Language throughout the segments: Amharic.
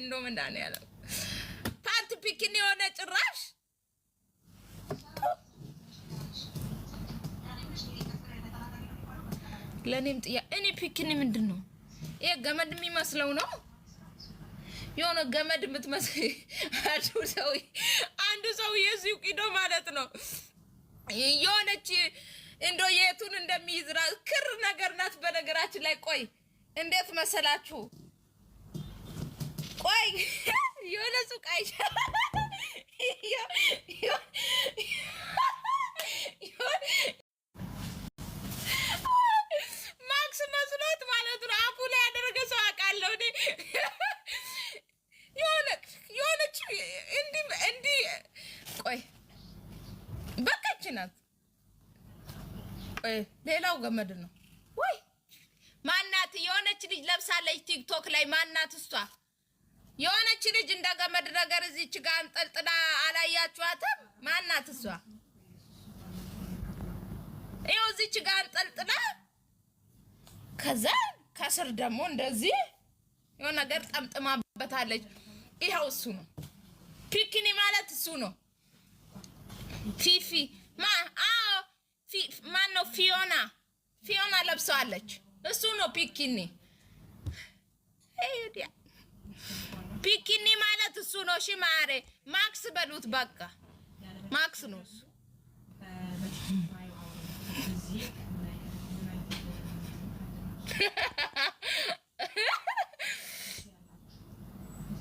እንደው ምንዳን ያለው ፓንት ፒክን የሆነ ጭራሽ ለእኔም ጥያ እኔ ፒክኒ ምንድን ነው ይሄ? ገመድ የሚመስለው ነው የሆነ ገመድ የምትመስል አንዱ ሰው አንዱ ሰው የዚህ ቂዶ ማለት ነው የሆነች እንዶ የቱን እንደሚይዝ ክር ነገር ናት። በነገራችን ላይ ቆይ እንዴት መሰላችሁ ቆይ የሆነ ሱቅ አይቼ ማክስ መስሎት ማለት ነው። አፉ ላይ ያደረገ ሰው አውቃለሁ እኔ የሆነች እንዲህ እንዲህ ቆይ በቀች ናት። ቆይ ሌላው ገመድ ነው ወይ ማናት? የሆነች ልጅ ለብሳለች ቲክቶክ ላይ ማናት እሷ? የሆነች ልጅ እንደ ገመድ ነገር እዚች ጋር አንጠልጥላ አላያችኋትም? ማናት እሷ? ይኸው እዚች ጋር አንጠልጥላ ከዛ ከስር ደግሞ እንደዚህ የሆነ ነገር ጠምጥማበታለች። ይኸው እሱ ነው ፒክኒ ማለት እሱ ነው። ፊፊ ማን ነው? ፊዮና ፊዮና ለብሰዋለች። እሱ ነው ፒክኒ ቢኪኒ ማለት እሱ ነው። ሺ ማሬ ማክስ በሉት በቃ ማክስ ነው እሱ።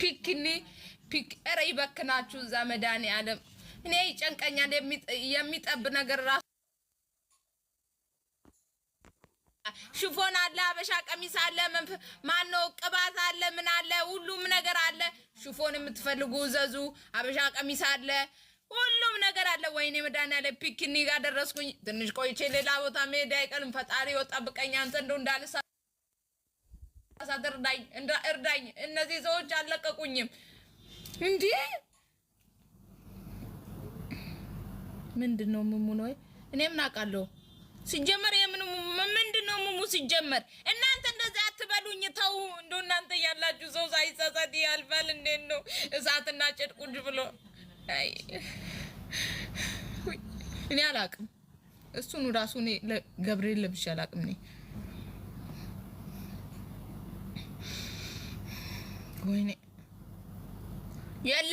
ፒክኒ ፒክ ይበክናችሁ። እዛ አለም እኔ ይጨንቀኛል። የሚጠብ ነገር ራሱ ሽፎን አለ፣ ሀበሻ ቀሚስ አለ። ማን ነው ሽፎን የምትፈልጉ ዘዙ። አበሻ ቀሚስ አለ፣ ሁሉም ነገር አለ። ወይኔ መድኃኒዓለም ፒክኒ ጋር ደረስኩኝ። ትንሽ ቆይቼ ሌላ ቦታ መሄድ አይቀልም። ፈጣሪ ወጣ ብቀኝ አንተ እንደው እንዳልሳ እርዳኝ እርዳኝ። እነዚህ ሰዎች አልለቀቁኝም። እንዲህ ምንድን ነው ምሙ ነው? እኔ ምን አውቃለሁ። ሲጀመር የምን ምንድን ነው ምሙ ሲጀመር እና ተው እንዶ እናንተ ያላችሁ ሰው ሳይሳሳት ያልፋል። እንዴት ነው እሳትና ጭድ ቁጭ ብሎ እኔ አላቅም። እሱን ራሱ እኔ ገብርኤል ለብሼ አላቅም። እኔ ወይኔ የለ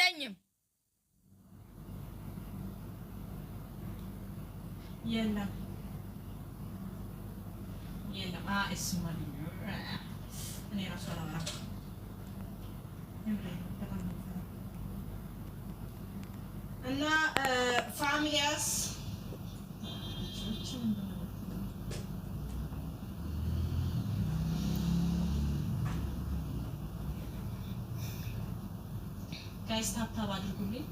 እና ፋሚያስ ጋይስ ታብታብ አድርጉልኝ።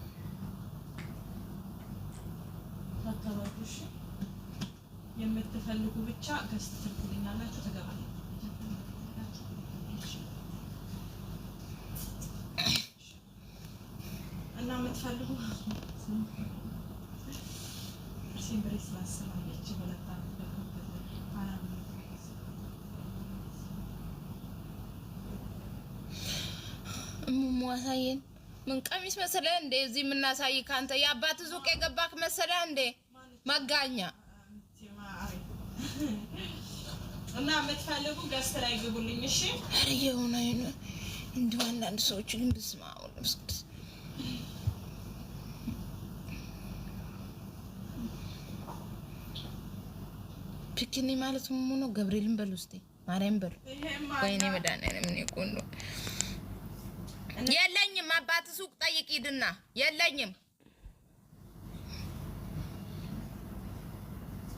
ታብታብ አድርጉሽ። የምትፈልጉ ብቻ ገዝት ትልኩልኛላችሁ ትገባል ጨርሻለሁ። እሙሙ አሳየን። ምን ቀሚስ መሰለህ እንዴ? እዚህ የምናሳይ ከአንተ የአባት ሱቅ የገባክ መሰለህ እንዴ? መጋኛ እና የምትፈልጉ ገዝት ላይ ግቡልኝ። እሺ ኧረ የሆነ እንዲሁ አንዳንድ ሰዎች ግን ብስማ ችክኔ ማለት ሙ ነው። ገብርኤልን በሉ ስ ማርያም በሉ ወይኔ መድኃኒዓለም እኔ ቆንጆ የለኝም። አባት ሱቅ ጠይቅ ሂድና የለኝም።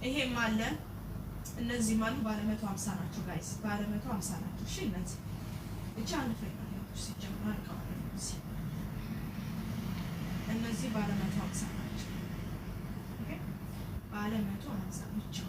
ይሄም አለ እነዚህ ማለት ባለ መቶ ሀምሳ ናቸው ጋይስ፣ ባለ መቶ ሀምሳ ናቸው። እሺ እነዚህ ብቻ አንድ ፈቃሪያዎች ሲጀምር እነዚህ ባለ መቶ ሀምሳ ናቸው። ባለ መቶ ሀምሳ ናቸው።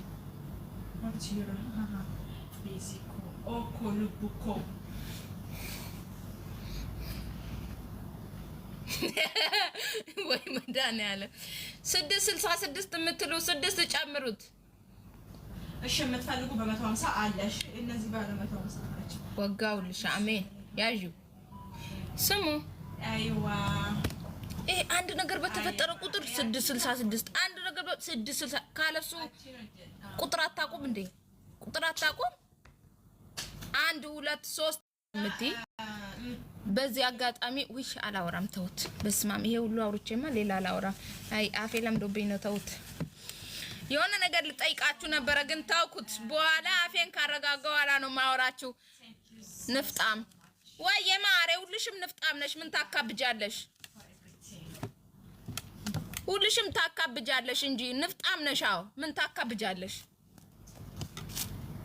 Otira, መዳን ያለ okolubuko. ወይ መድኃኒዓለም ስድስት ስልሳ ስድስት የምትሉ ስድስት ጨምሩት። እሺ የምትፈልጉ በመቶ ሀምሳ አለ። እሺ እነዚህ ባለ መቶ ሀምሳ ናቸው። ወጋውልሽ። አሜን ያዩ ስሙ አይዋ ይሄ አንድ ነገር በተፈጠረ ቁጥር 666 አንድ ነገር በ ስልሳ ካለሱ ቁጥር አታቁም እንዴ? ቁጥር አታቁም። አንድ ሁለት ሶስት ምቲ በዚህ አጋጣሚ ውሽ አላወራም፣ ተውት። በስማም ይሄ ሁሉ አውርቼማ ሌላ አላወራም። አይ አፌ ለምዶብኝ ነው፣ ተውት። የሆነ ነገር ልጠይቃችሁ ነበረ ግን ታውኩት። በኋላ አፌን ካረጋጋው ኋላ ነው ማወራችሁ። ንፍጣም ወይ የማሬ ሁልሽም ንፍጣም ነሽ። ምን ታካብጃለሽ? ሁልሽም ታካብጃለሽ እንጂ ንፍጣም ነሻው። ምን ታካብጃለሽ?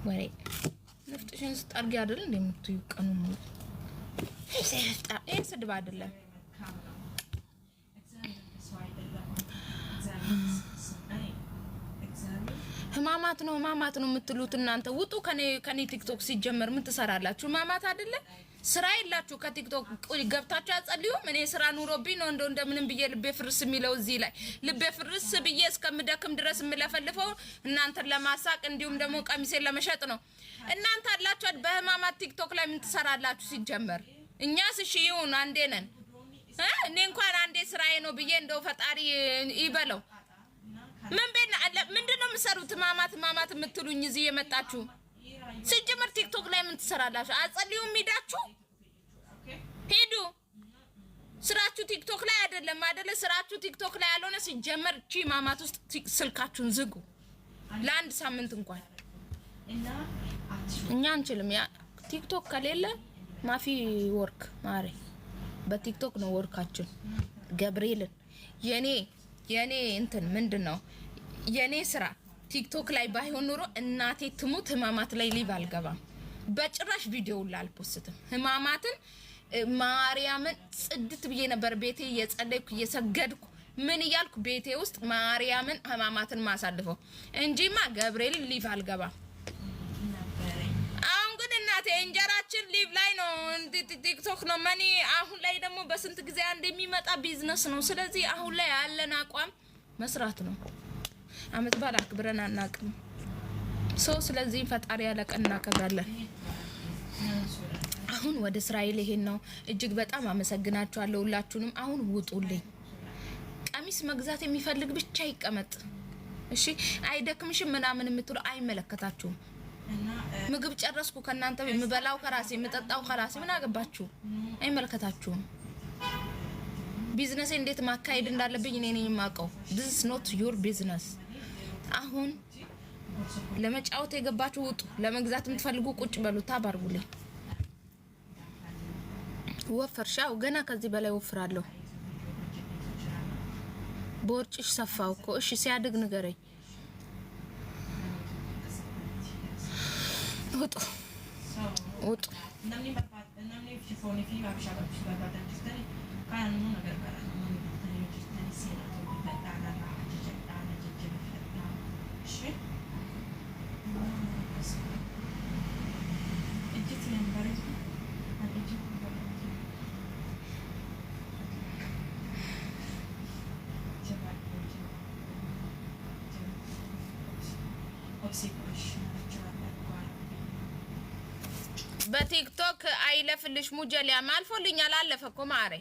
ወሬ ንፍጥሽን ስጠርጊ አይደል እንደምትዩ ቀኑ ይህ ስድብ አይደለም። ህማማት ነው ህማማት ነው የምትሉት እናንተ። ውጡ ከኔ ቲክቶክ። ሲጀመር ምን ትሰራላችሁ? ህማማት አይደለም ስራ የላችሁ ከቲክቶክ ገብታችሁ አጸልዩም። እኔ ስራ ኑሮብኝ ነው እንደው እንደምንም ብዬ ልቤ ፍርስ የሚለው እዚህ ላይ ልቤ ፍርስ ብዬ እስከምደክም ድረስ የምለፈልፈው እናንተን ለማሳቅ እንዲሁም ደግሞ ቀሚሴን ለመሸጥ ነው። እናንተ አላችሁ በህማማት ቲክቶክ ላይ ምን ትሰራላችሁ? ሲጀመር እኛስ እሺ ይሁን አንዴ ነን። እኔ እንኳን አንዴ ስራዬ ነው ብዬ እንደው ፈጣሪ ይበለው። ምን ቤት ምንድን ነው የምሰሩት? ህማማት ህማማት የምትሉኝ እዚህ የመጣችሁ ሲጀመር ቲክቶክ ላይ ምን ትሰራላችሁ? አጸልዩም ሄዳችሁ ሄዱ። ስራችሁ ቲክቶክ ላይ አይደለም አይደለ? ስራችሁ ቲክቶክ ላይ ያልሆነ ሲጀመር እቺ ማማት ውስጥ ስልካችሁን ዝጉ ለአንድ ሳምንት እንኳን እኛ አንችልም። ያ ቲክቶክ ከሌለ ማፊ ወርክ ማሪ በቲክቶክ ነው ወርካችን። ገብርኤልን የኔ የኔ እንትን ምንድን ነው የኔ ስራ ቲክቶክ ላይ ባይሆን ኖሮ እናቴ ትሙት ህማማት ላይ ሊቭ አልገባም። በጭራሽ ቪዲዮ ላ አልፖስትም። ህማማትን ማርያምን ጽድት ብዬ ነበር ቤቴ እየጸለይኩ እየሰገድኩ ምን እያልኩ ቤቴ ውስጥ ማርያምን ህማማትን ማሳልፈው እንጂማ ገብርኤል ሊቭ አልገባም። አሁን ግን እናቴ እንጀራችን ሊቭ ላይ ነው፣ ቲክቶክ ነው መኒ። አሁን ላይ ደግሞ በስንት ጊዜ አንድ የሚመጣ ቢዝነስ ነው። ስለዚህ አሁን ላይ ያለን አቋም መስራት ነው። አመት በዓል አክብረን አናቅም። ሶ ስለዚህም ፈጣሪ ያለቀን እናከብራለን። አሁን ወደ እስራኤል ይሄን ነው። እጅግ በጣም አመሰግናችኋለሁ ሁላችሁንም። አሁን ውጡልኝ። ቀሚስ መግዛት የሚፈልግ ብቻ ይቀመጥ። እሺ፣ አይደክምሽም ምናምን የምትሉ አይመለከታችሁም። ምግብ ጨረስኩ ከእናንተ የምበላው ከራሴ የምጠጣው ከራሴ ምን አገባችሁ? አይመለከታችሁም። ቢዝነሴ እንዴት ማካሄድ እንዳለብኝ እኔ ነኝ የማውቀው። ዲስ ኖት ዩር ቢዝነስ አሁን ለመጫወት የገባችሁ ውጡ። ለመግዛት የምትፈልጉ ቁጭ በሉ። ታብ አድርጉልኝ። ወፈርሻው ገና ከዚህ በላይ ወፍራለሁ። ቦርጭሽ ሰፋው እኮ። እሺ ሲያድግ ንገረኝ። ውጡ ውጡ። በቲክቶክ አይለፍልሽ ሙጀሊያም አልፎልኛል። አለፈ እኮ ማሬ።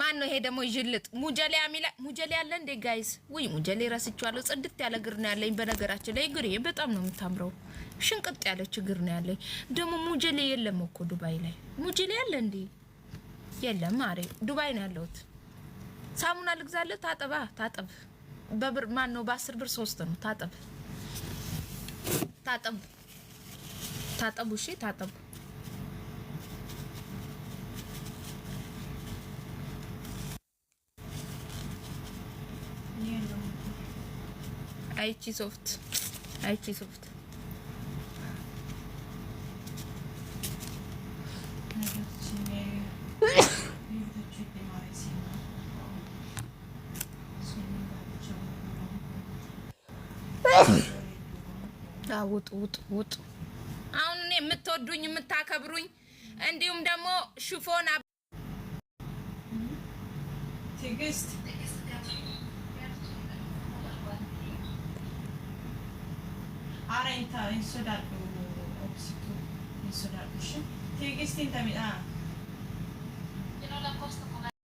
ማን ነው ይሄ ደግሞ ይጅልጥ ሙጀሊያ ሚላ ሙጀሊያ አለ እንዴ ጋይስ? ውይ ሙጀሌ ረስቼዋለሁ። ጽድት ያለ እግር ነው ያለኝ። በነገራችን ላይ እግሬ በጣም ነው የምታምረው። ሽንቅጥ ያለች እግር ነው ያለኝ። ደግሞ ሙጀሌ የለም እኮ ዱባይ ላይ ሙጀሌ አለ እንዴ? የለም ማሬ፣ ዱባይ ነው ያለሁት። ሳሙና ልግዛለህ? ታጠባ ታጠብ። በብር ማን ነው በአስር ብር ሶስት ነው። ታጠብ ታጠብ ታጠቡ። እሺ ታጠቡ። አይቺ ሶፍት አይቺ ሶፍት ውጡ ውጡ ውጡ። አሁን እኔ የምትወዱኝ የምታከብሩኝ፣ እንዲሁም ደግሞ ሽፎን た塩素だとオキシト塩素だとし定義してんためあ。